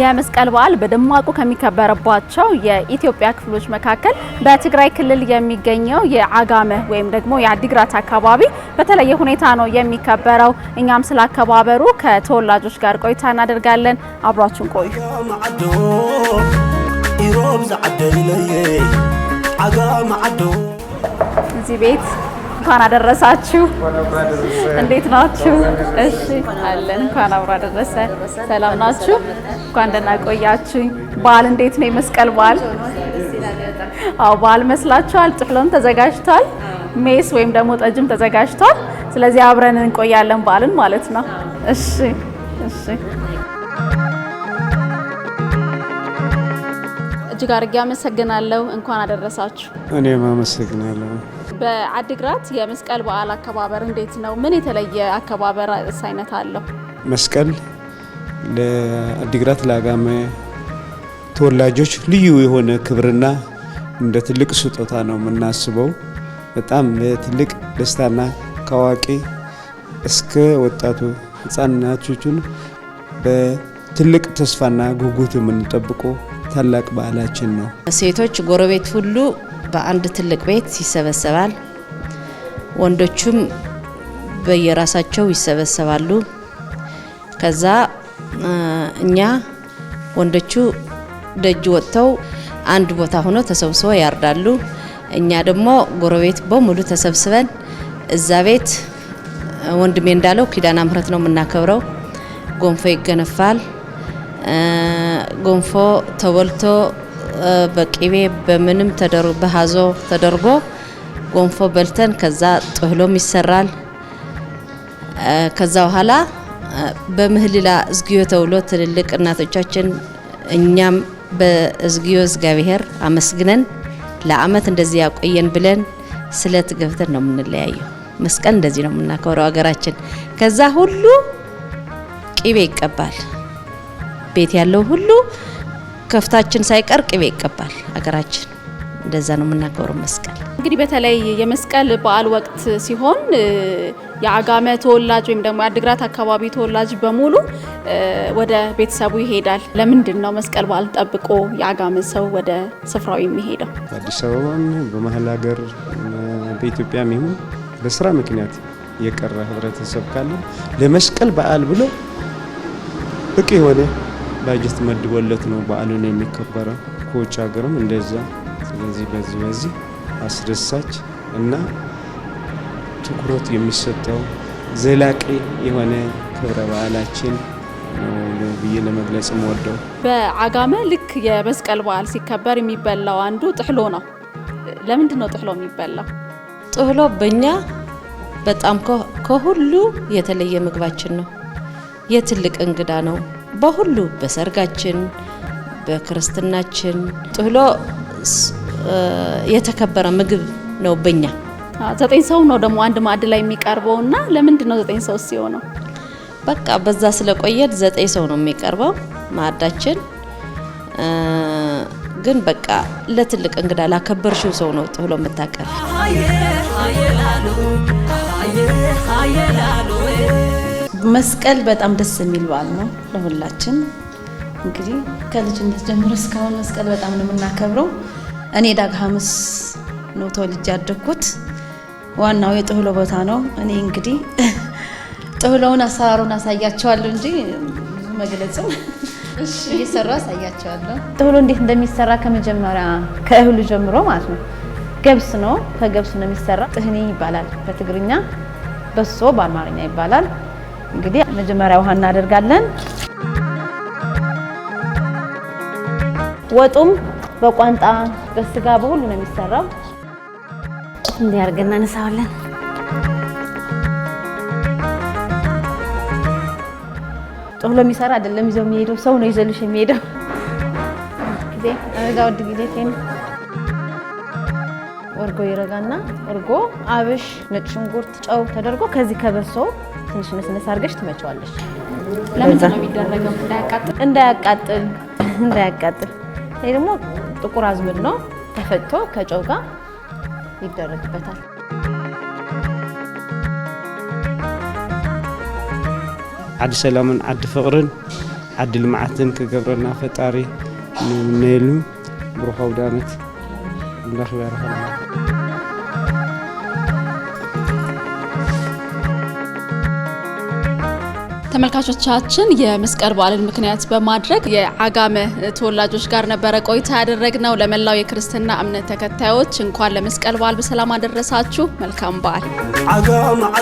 የመስቀል በዓል በደማቁ ከሚከበርባቸው የኢትዮጵያ ክፍሎች መካከል በትግራይ ክልል የሚገኘው የአጋመ ወይም ደግሞ የአዲግራት አካባቢ በተለየ ሁኔታ ነው የሚከበረው። እኛም ስለ አከባበሩ ከተወላጆች ጋር ቆይታ እናደርጋለን። አብሯችን ቆዩ። እዚህ ቤት እንኳን አደረሳችሁ። እንዴት ናችሁ? እሺ አለን። እንኳን አብሮ አደረሰ። ሰላም ናችሁ? እንኳን ደህና ቆያችሁኝ። በዓል እንዴት ነው? የመስቀል በዓል አዎ፣ በዓል መስላችኋል? ጥሕሎም ተዘጋጅቷል። ሜስ ወይም ደግሞ ጠጅም ተዘጋጅቷል። ስለዚህ አብረን እንቆያለን በዓልን ማለት ነው። እሺ እሺ። እጅግ አድርጌ አመሰግናለሁ። እንኳን አደረሳችሁ። እኔም አመሰግናለሁ። በአዲግራት የመስቀል በዓል አከባበር እንዴት ነው? ምን የተለየ አከባበር አይነት አለው? መስቀል ለአዲግራት ለአጋመ ተወላጆች ልዩ የሆነ ክብርና እንደ ትልቅ ስጦታ ነው የምናስበው። በጣም ትልቅ ደስታና ከአዋቂ እስከ ወጣቱ ሕፃናቶቹን በትልቅ ተስፋና ጉጉት የምንጠብቆ ታላቅ በዓላችን ነው። ሴቶች ጎረቤት ሁሉ በአንድ ትልቅ ቤት ይሰበሰባል። ወንዶቹም በየራሳቸው ይሰበሰባሉ። ከዛ እኛ ወንዶቹ ደጅ ወጥተው አንድ ቦታ ሆኖ ተሰብስበው ያርዳሉ። እኛ ደግሞ ጎረቤት በሙሉ ተሰብስበን እዛ ቤት ወንድሜ እንዳለው ኪዳነ ምሕረት ነው የምናከብረው። ጎንፎ ይገነፋል። ጎንፎ ተበልቶ በቅቤ በምንም በሀዞ ተደርጎ ጎንፎ በልተን ከዛ ጥህሎም ይሰራል። ከዛ በኋላ በምህልላ እዝግዮ ተብሎ ትልልቅ እናቶቻችን እኛም በእዝግዮ እግዚአብሔር አመስግነን ለአመት እንደዚህ ያቆየን ብለን ስለት ገብተን ነው የምንለያየው። መስቀል እንደዚህ ነው የምናከብረው ሀገራችን። ከዛ ሁሉ ቅቤ ይቀባል ቤት ያለው ሁሉ ከፍታችን ሳይቀር ቅቤ ይቀባል። ሀገራችን እንደዛ ነው የምናከብረው መስቀል። እንግዲህ በተለይ የመስቀል በዓል ወቅት ሲሆን የአጋመ ተወላጅ ወይም ደግሞ የአድግራት አካባቢ ተወላጅ በሙሉ ወደ ቤተሰቡ ይሄዳል። ለምንድን ነው መስቀል በዓል ጠብቆ የአጋመ ሰው ወደ ስፍራው የሚሄደው? አዲስ አበባም በመሀል ሀገር በኢትዮጵያም ይሁን በስራ ምክንያት የቀረ ህብረተሰብ ካለ ለመስቀል በዓል ብሎ እቅ የሆነ ባጀት መድቦለት ነው በዓሉን የሚከበረው ከውጭ ሀገርም እንደዛ። ስለዚህ በዚህ በዚህ አስደሳች እና ትኩረት የሚሰጠው ዘላቂ የሆነ ክብረ በዓላችን ብዬ ለመግለጽ ወደው በአጋመ ልክ የመስቀል በዓል ሲከበር የሚበላው አንዱ ጥሕሎ ነው። ለምንድን ነው ጥሕሎ የሚበላው? ጥሕሎ በእኛ በጣም ከሁሉ የተለየ ምግባችን ነው። የትልቅ እንግዳ ነው። በሁሉ በሰርጋችን፣ በክርስትናችን ጥህሎ የተከበረ ምግብ ነው። በኛ ዘጠኝ ሰው ነው ደግሞ አንድ ማዕድ ላይ የሚቀርበው እና ለምንድን ነው ዘጠኝ ሰው ሲሆነው? በቃ በዛ ስለቆየት ዘጠኝ ሰው ነው የሚቀርበው ማዕዳችን። ግን በቃ ለትልቅ እንግዳ ላከበርሽው ሰው ነው ጥህሎ የምታቀርብ መስቀል በጣም ደስ የሚል በዓል ነው ለሁላችን። እንግዲህ ከልጅነት ጀምሮ እስካሁን መስቀል በጣም ነው የምናከብረው። እኔ ዳግ ሐሙስ ነው ተወልጄ ያደግኩት። ዋናው የጥህሎ ቦታ ነው። እኔ እንግዲህ ጥህሎውን አሰራሩን አሳያቸዋለሁ እንጂ መግለጽም እየሰሩ አሳያቸዋለሁ። ጥህሎ እንዴት እንደሚሰራ ከመጀመሪያ ከእህሉ ጀምሮ ማለት ነው። ገብስ ነው፣ ከገብስ ነው የሚሰራ። ጥህኔ ይባላል በትግርኛ፣ በሶ በአማርኛ ይባላል። እንግዲህ መጀመሪያ ውሃ እናደርጋለን። ወጡም በቋንጣ በስጋ በሁሉ ነው የሚሰራው። እንዲህ አድርገን እናነሳዋለን። ጦሎ የሚሰራ አይደለም። ይዘው የሚሄደው ሰው ነው ይዘልሽ የሚሄደው ጊዜ አበዛ ወድ ጊዜ እርጎ ይረጋና እርጎ፣ አብሽ፣ ነጭ ሽንኩርት፣ ጨው ተደርጎ ከዚህ ከበሶ ትንሽ ነስነስ አድርገሽ ትመጪዋለሽ። ለምንድን ነው የሚደረገው? እንዳያቃጥል እንዳያቃጥል እንዳያቃጥል። ይሄ ደግሞ ጥቁር አዝሙድ ነው ተፈጭቶ ከጨው ጋር ይደረግበታል። ዓዲ ሰላምን ዓዲ ፍቅርን ዓዲ ልምዓትን ክገብረና ፈጣሪ ንብነየሉ ብሩኸው ዳመት እንዳኽባርኸ ተመልካቾቻችን የመስቀል በዓልን ምክንያት በማድረግ የአጋመ ተወላጆች ጋር ነበረ ቆይታ ያደረግነው። ለመላው የክርስትና እምነት ተከታዮች እንኳን ለመስቀል በዓል በሰላም አደረሳችሁ። መልካም በዓል።